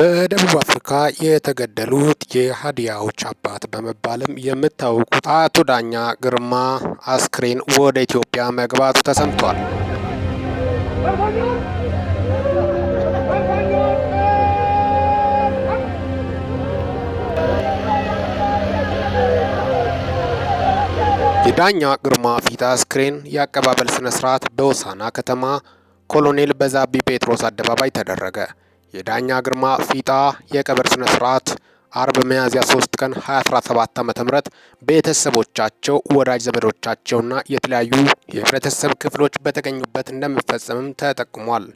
በደቡብ አፍሪካ የተገደሉት የሀዲያዎች አባት በመባልም የምታወቁት አቶ ዳኛ ግርማ አስክሬን ወደ ኢትዮጵያ መግባቱ ተሰምቷል። የዳኛ ግርማ ፊት አስክሬን የአቀባበል ስነ ስርዓት በሆሳዕና ከተማ ኮሎኔል በዛቢ ጴጥሮስ አደባባይ ተደረገ። የዳኛ ግርማ ፊጣ የቀብር ስነ ስርዓት አርብ ሚያዝያ 3 ቀን 2017 ዓ.ም ቤተሰቦቻቸው ወዳጅ ዘመዶቻቸውና የተለያዩ የህብረተሰብ ክፍሎች በተገኙበት እንደሚፈጸምም ተጠቁሟል።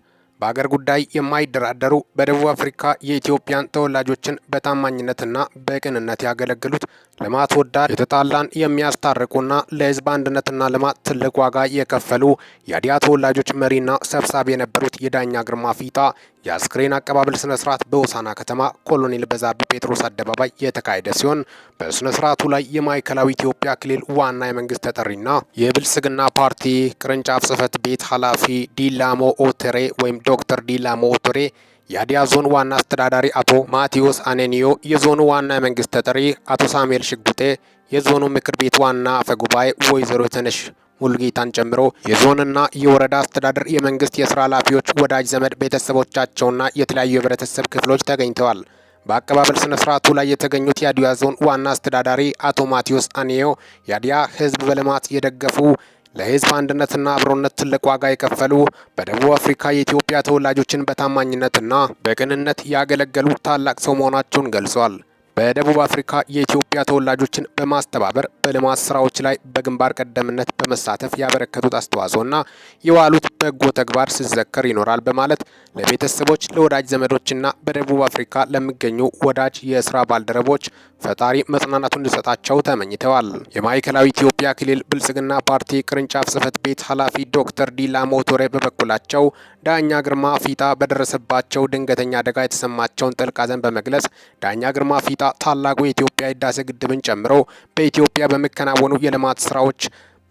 በአገር ጉዳይ የማይደራደሩ በደቡብ አፍሪካ የኢትዮጵያን ተወላጆችን በታማኝነትና በቅንነት ያገለገሉት ልማት ወዳድ የተጣላን የሚያስታርቁና ለህዝብ አንድነትና ልማት ትልቅ ዋጋ የከፈሉ የአዲያ ተወላጆች መሪና ሰብሳቢ የነበሩት የዳኛ ግርማ ፊጣ። የአስክሬን አቀባበል ስነ ስርዓት በሆሳና ከተማ ኮሎኔል በዛብህ ጴጥሮስ አደባባይ የተካሄደ ሲሆን በስነ ስርዓቱ ላይ የማዕከላዊ ኢትዮጵያ ክልል ዋና የመንግስት ተጠሪና የብልጽግና ፓርቲ ቅርንጫፍ ጽህፈት ቤት ኃላፊ ዲላሞ ኦተሬ ወይም ዶክተር ዲላሞ ኦቶሬ የሀዲያ ዞን ዋና አስተዳዳሪ አቶ ማቴዎስ አኔኒዮ፣ የዞኑ ዋና የመንግስት ተጠሪ አቶ ሳሙኤል ሽጉጤ፣ የዞኑ ምክር ቤት ዋና አፈጉባኤ ወይዘሮ ትንሽ ሙሉጌታን ጨምሮ የዞንና የወረዳ አስተዳደር የመንግስት የስራ ኃላፊዎች፣ ወዳጅ ዘመድ፣ ቤተሰቦቻቸውና የተለያዩ የህብረተሰብ ክፍሎች ተገኝተዋል። በአቀባበል ስነ ስርዓቱ ላይ የተገኙት የሀዲያ ዞን ዋና አስተዳዳሪ አቶ ማቴዎስ አኔዮ የሀዲያ ህዝብ በልማት የደገፉ ለህዝብ አንድነትና አብሮነት ትልቅ ዋጋ የከፈሉ በደቡብ አፍሪካ የኢትዮጵያ ተወላጆችን በታማኝነትና በቅንነት ያገለገሉ ታላቅ ሰው መሆናቸውን ገልጿል። በደቡብ አፍሪካ የኢትዮ የኢትዮጵያ ተወላጆችን በማስተባበር በልማት ስራዎች ላይ በግንባር ቀደምነት በመሳተፍ ያበረከቱት አስተዋጽኦና የዋሉት በጎ ተግባር ሲዘከር ይኖራል በማለት ለቤተሰቦች ለወዳጅ ዘመዶችና በደቡብ አፍሪካ ለሚገኙ ወዳጅ የስራ ባልደረቦች ፈጣሪ መጽናናቱን እንዲሰጣቸው ተመኝተዋል። የማዕከላዊ ኢትዮጵያ ክልል ብልጽግና ፓርቲ ቅርንጫፍ ጽህፈት ቤት ኃላፊ ዶክተር ዲላ ሞቶሬ በበኩላቸው ዳኛ ግርማ ፊጣ በደረሰባቸው ድንገተኛ አደጋ የተሰማቸውን ጥልቅ ሐዘን በመግለጽ ዳኛ ግርማ ፊጣ ታላቁ የኢትዮጵያ ህዳሴ ግድብን ጨምሮ በኢትዮጵያ በሚከናወኑ የልማት ስራዎች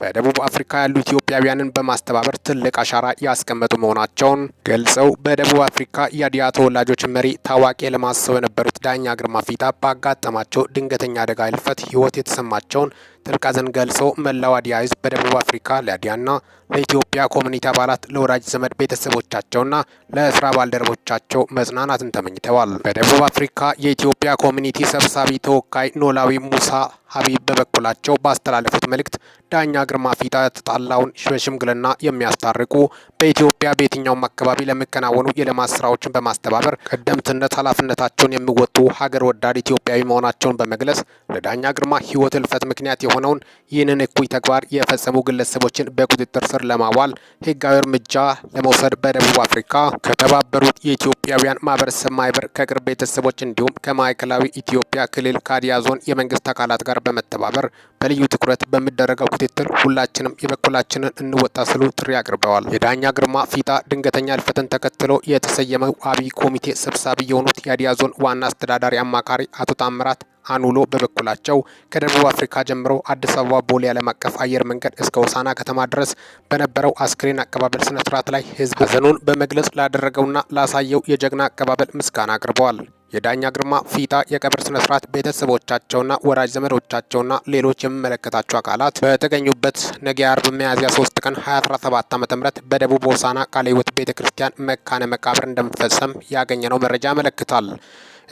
በደቡብ አፍሪካ ያሉ ኢትዮጵያውያንን በማስተባበር ትልቅ አሻራ ያስቀመጡ መሆናቸውን ገልጸው በደቡብ አፍሪካ የሀዲያ ተወላጆች መሪ ታዋቂ የልማት ሰው የነበሩት ዳኛ ግርማ ፊታ ባጋጠማቸው ድንገተኛ አደጋ ህልፈት ህይወት የተሰማቸውን ጥልቅ ሐዘን ገልጾ መላው ሃዲያ ሕዝብ በደቡብ አፍሪካ ለሃዲያና ለኢትዮጵያ ኮሚኒቲ አባላት ለወዳጅ ዘመድ ቤተሰቦቻቸውና ለስራ ባልደረቦቻቸው መጽናናትን ተመኝተዋል። በደቡብ አፍሪካ የኢትዮጵያ ኮሚኒቲ ሰብሳቢ ተወካይ ኖላዊ ሙሳ ሀቢብ በበኩላቸው ባስተላለፉት መልእክት ዳኛ ግርማ ፊታ የተጣላውን በሽምግልና የሚያስታርቁ በኢትዮጵያ በየትኛውም አካባቢ ለሚከናወኑ የልማት ስራዎችን በማስተባበር ቀደምትነት ኃላፊነታቸውን የሚወጡ ሀገር ወዳድ ኢትዮጵያዊ መሆናቸውን በመግለጽ ለዳኛ ግርማ ህይወት እልፈት ምክንያት የሆነውን ይህንን እኩይ ተግባር የፈጸሙ ግለሰቦችን በቁጥጥር ስር ለማዋል ህጋዊ እርምጃ ለመውሰድ በደቡብ አፍሪካ ከተባበሩት የኢትዮጵያውያን ማህበረሰብ ማህበር ከቅርብ ቤተሰቦች እንዲሁም ከማዕከላዊ ኢትዮጵያ ክልል ሀዲያ ዞን የመንግስት አካላት ጋር በመተባበር በልዩ ትኩረት በሚደረገው ቁጥጥር ሁላችንም የበኩላችንን እንወጣ ስሉ ጥሪ አቅርበዋል። የዳኛ ግርማ ፊታ ድንገተኛ ህልፈትን ተከትሎ የተሰየመው አብይ ኮሚቴ ሰብሳቢ የሆኑት የአዲያ ዞን ዋና አስተዳዳሪ አማካሪ አቶ ታምራት አኑሎ በበኩላቸው ከደቡብ አፍሪካ ጀምሮ አዲስ አበባ ቦሌ ዓለም አቀፍ አየር መንገድ እስከ ሆሳዕና ከተማ ድረስ በነበረው አስክሬን አቀባበል ስነስርዓት ላይ ህዝብ ሀዘኑን በመግለጽ ላደረገውና ላሳየው የጀግና አቀባበል ምስጋና አቅርበዋል። የዳኛ ግርማ ፊጣ የቀብር ስነ ስርዓት ቤተሰቦቻቸውና ወራጅ ዘመዶቻቸውና ሌሎች የሚመለከታቸው አካላት በተገኙበት ነገ አርብ ሚያዝያ 3 ቀን 2017 ዓ.ም በደቡብ ሆሳና ቃለ ሕይወት ቤተ ክርስቲያን መካነ መቃብር እንደሚፈጸም ያገኘነው መረጃ ያመለክታል።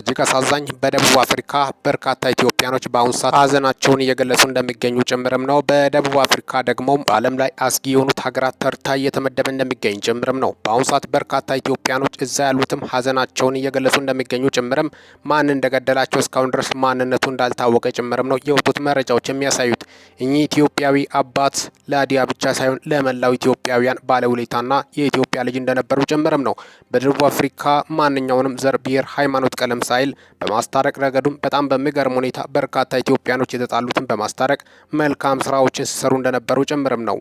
እጅግ አሳዛኝ። በደቡብ አፍሪካ በርካታ ኢትዮጵያኖች በአሁኑ ሰዓት ሀዘናቸውን እየገለጹ እንደሚገኙ ጭምርም ነው። በደቡብ አፍሪካ ደግሞ በዓለም ላይ አስጊ የሆኑት ሀገራት ተርታ እየተመደበ እንደሚገኝ ጭምርም ነው። በአሁኑ ሰዓት በርካታ ኢትዮጵያኖች እዛ ያሉትም ሀዘናቸውን እየገለጹ እንደሚገኙ ጭምር ጭምርም ማን እንደገደላቸው እስካሁን ድረስ ማንነቱ እንዳልታወቀ ጭምርም ነው የወጡት መረጃዎች የሚያሳዩት። እኚህ ኢትዮጵያዊ አባት ለአዲያ ብቻ ሳይሆን ለመላው ኢትዮጵያውያን ባለውለታና የኢትዮጵያ ልጅ እንደነበሩ ጭምርም ነው። በደቡብ አፍሪካ ማንኛውንም ዘር፣ ብሔር፣ ሃይማኖት፣ ቀለም ሳይል በማስታረቅ ረገዱም በጣም በሚገርም ሁኔታ በርካታ ኢትዮጵያኖች የተጣሉትን በማስታረቅ መልካም ስራዎችን ሲሰሩ እንደነበሩ ጭምርም ነው።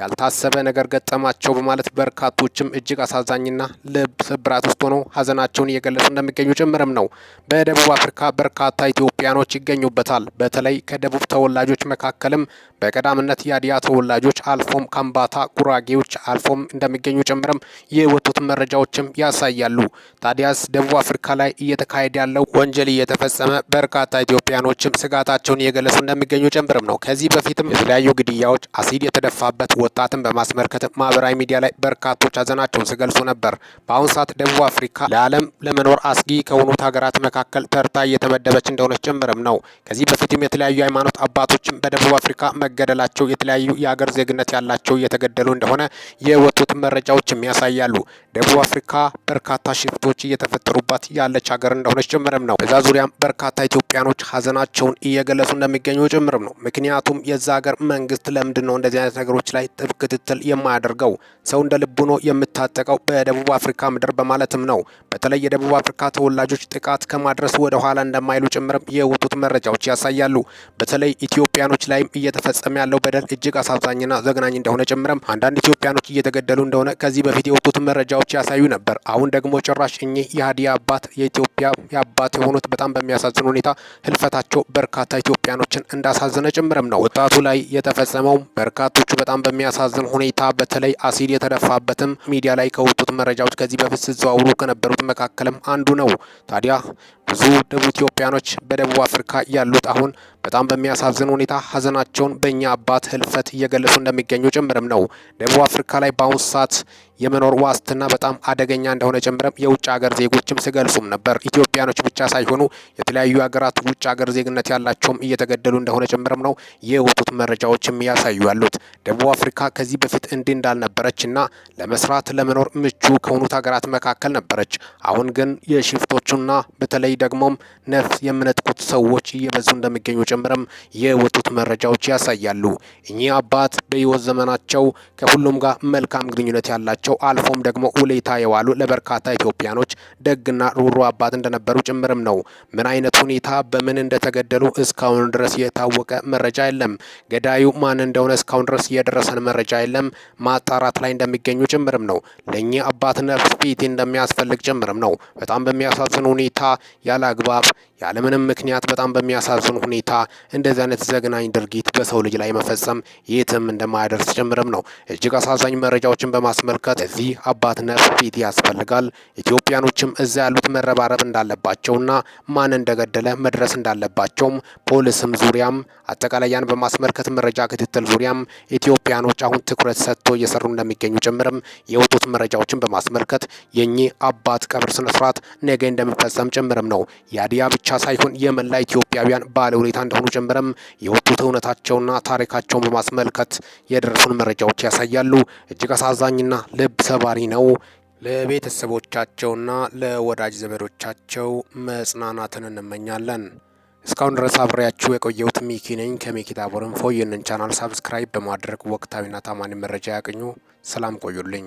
ያልታሰበ ነገር ገጠማቸው በማለት በርካቶችም እጅግ አሳዛኝና ልብ ስብራት ውስጥ ሆነው ሀዘናቸውን እየገለጹ እንደሚገኙ ጭምርም ነው። በደቡብ አፍሪካ በርካታ ኢትዮጵያኖች ይገኙበታል። በተለይ ከደቡብ ተወላጆች መካከልም በቀዳምነት የሀዲያ ተወላጆች አልፎም ካምባታ ጉራጌዎች አልፎም እንደሚገኙ ጭምርም የወጡት መረጃዎችም ያሳያሉ። ታዲያስ ደቡብ አፍሪካ ላይ እየተካሄደ ያለው ወንጀል እየተፈጸመ በርካታ ኢትዮጵያኖችም ስጋታቸውን እየገለጹ እንደሚገኙ ጭምርም ነው። ከዚህ በፊትም የተለያዩ ግድያዎች አሲድ የተደፋበት ወጣትን በማስመልከት ማህበራዊ ሚዲያ ላይ በርካቶች ሀዘናቸውን ሲገልጹ ነበር። በአሁኑ ሰዓት ደቡብ አፍሪካ ለዓለም ለመኖር አስጊ ከሆኑት ሀገራት መካከል ተርታ እየተመደበች እንደሆነች ጭምርም ነው። ከዚህ በፊትም የተለያዩ ሃይማኖት አባቶችም በደቡብ አፍሪካ መገደላቸው የተለያዩ የሀገር ዜግነት ያላቸው እየተገደሉ እንደሆነ የወጡት መረጃዎችም ያሳያሉ። ደቡብ አፍሪካ በርካታ ሽፍቶች እየተፈጠሩባት ያለች ሀገር እንደሆነች ጭምርም ነው። በዛ ዙሪያም በርካታ ኢትዮጵያኖች ሀዘናቸውን እየገለጹ እንደሚገኙ ጭምርም ነው። ምክንያቱም የዛ ሀገር መንግስት ለምንድን ነው እንደዚህ አይነት ነገሮች ላይ ጥብቅ ክትትል የማያደርገው ሰው እንደ ልቡ ነው የምታጠቀው በደቡብ አፍሪካ ምድር በማለትም ነው። በተለይ የደቡብ አፍሪካ ተወላጆች ጥቃት ከማድረስ ወደ ኋላ እንደማይሉ ጭምርም የወጡት መረጃዎች ያሳያሉ። በተለይ ኢትዮጵያኖች ላይም እየተፈጸመ ያለው በደል እጅግ አሳዛኝና ዘግናኝ እንደሆነ ጭምርም አንዳንድ ኢትዮጵያኖች እየተገደሉ እንደሆነ ከዚህ በፊት የወጡት መረጃ ሁኔታዎች ያሳዩ ነበር። አሁን ደግሞ ጭራሽ እኚህ የሀዲያ አባት የኢትዮጵያ የአባት የሆኑት በጣም በሚያሳዝን ሁኔታ ህልፈታቸው በርካታ ኢትዮጵያኖችን እንዳሳዘነ ጭምርም ነው። ወጣቱ ላይ የተፈጸመው በርካቶቹ በጣም በሚያሳዝን ሁኔታ በተለይ አሲድ የተደፋበትም ሚዲያ ላይ ከወጡት መረጃዎች ከዚህ በፊት ሲዘዋውሩ ከነበሩት መካከልም አንዱ ነው። ታዲያ ብዙ ደቡብ ኢትዮጵያኖች በደቡብ አፍሪካ ያሉት አሁን በጣም በሚያሳዝን ሁኔታ ሀዘናቸውን በእኛ አባት ህልፈት እየገለጹ እንደሚገኙ ጭምርም ነው። ደቡብ አፍሪካ ላይ በአሁኑ ሰዓት የመኖር ዋስትና በጣም አደገኛ እንደሆነ ጭምርም የውጭ ሀገር ዜጎችም ሲገልጹም ነበር። ኢትዮጵያኖች ብቻ ሳይሆኑ የተለያዩ ሀገራት ውጭ ሀገር ዜግነት ያላቸውም እየተገደሉ እንደሆነ ጭምርም ነው የወጡት መረጃዎችም ያሳዩ ያሉት። ደቡብ አፍሪካ ከዚህ በፊት እንዲህ እንዳልነበረች እና ለመስራት ለመኖር ምቹ ከሆኑት ሀገራት መካከል ነበረች። አሁን ግን የሽፍቶቹና በተለይ ደግሞም ነፍስ የምነጥቁት ሰዎች እየበዙ እንደሚገኙ እንደጨመረም የወጡት መረጃዎች ያሳያሉ። እኚህ አባት በሕይወት ዘመናቸው ከሁሉም ጋር መልካም ግንኙነት ያላቸው አልፎም ደግሞ ውለታ የዋሉ ለበርካታ ኢትዮጵያኖች ደግና ሩሩ አባት እንደነበሩ ጭምርም ነው። ምን አይነት ሁኔታ በምን እንደተገደሉ እስካሁን ድረስ የታወቀ መረጃ የለም። ገዳዩ ማን እንደሆነ እስካሁን ድረስ የደረሰን መረጃ የለም። ማጣራት ላይ እንደሚገኙ ጭምርም ነው። ለእኚህ አባት ነፍስ ፊት እንደሚያስፈልግ ጭምርም ነው። በጣም በሚያሳዝን ሁኔታ ያለ አግባብ ያለምንም ምክንያት በጣም በሚያሳዝን ሁኔታ እንደዚህ አይነት ዘግናኝ ድርጊት በሰው ልጅ ላይ መፈጸም የትም እንደማያደርስ ጭምርም ነው። እጅግ አሳዛኝ መረጃዎችን በማስመልከት እዚህ አባት ነፍስ ፊት ያስፈልጋል። ኢትዮጵያኖችም እዛ ያሉት መረባረብ እንዳለባቸውና ማን እንደገደለ መድረስ እንዳለባቸውም ፖሊስም ዙሪያም አጠቃላያን በማስመልከት መረጃ ክትትል ዙሪያም ኢትዮጵያኖች አሁን ትኩረት ሰጥቶ እየሰሩ እንደሚገኙ ጭምርም የወጡት መረጃዎችን በማስመልከት የኚህ አባት ቀብር ስነስርዓት ነገ እንደሚፈጸም ጭምርም ነው። የሀዲያ ብቻ ሳይሆን የመላ ኢትዮጵያውያን ባለ ሁኔታ እንደሆኑ ጀምረም የወጡት እውነታቸውና ታሪካቸውን በማስመልከት የደረሱን መረጃዎች ያሳያሉ። እጅግ አሳዛኝና ልብ ሰባሪ ነው። ለቤተሰቦቻቸውና ለወዳጅ ዘመዶቻቸው መጽናናትን እንመኛለን። እስካሁን ድረስ አብሬያችሁ የቆየሁት ሚኪ ነኝ ከሚኪ ታቦር ኢንፎ። ይህንን ቻናል ሳብስክራይብ በማድረግ ወቅታዊና ታማኒ መረጃ ያገኙ። ሰላም ቆዩልኝ።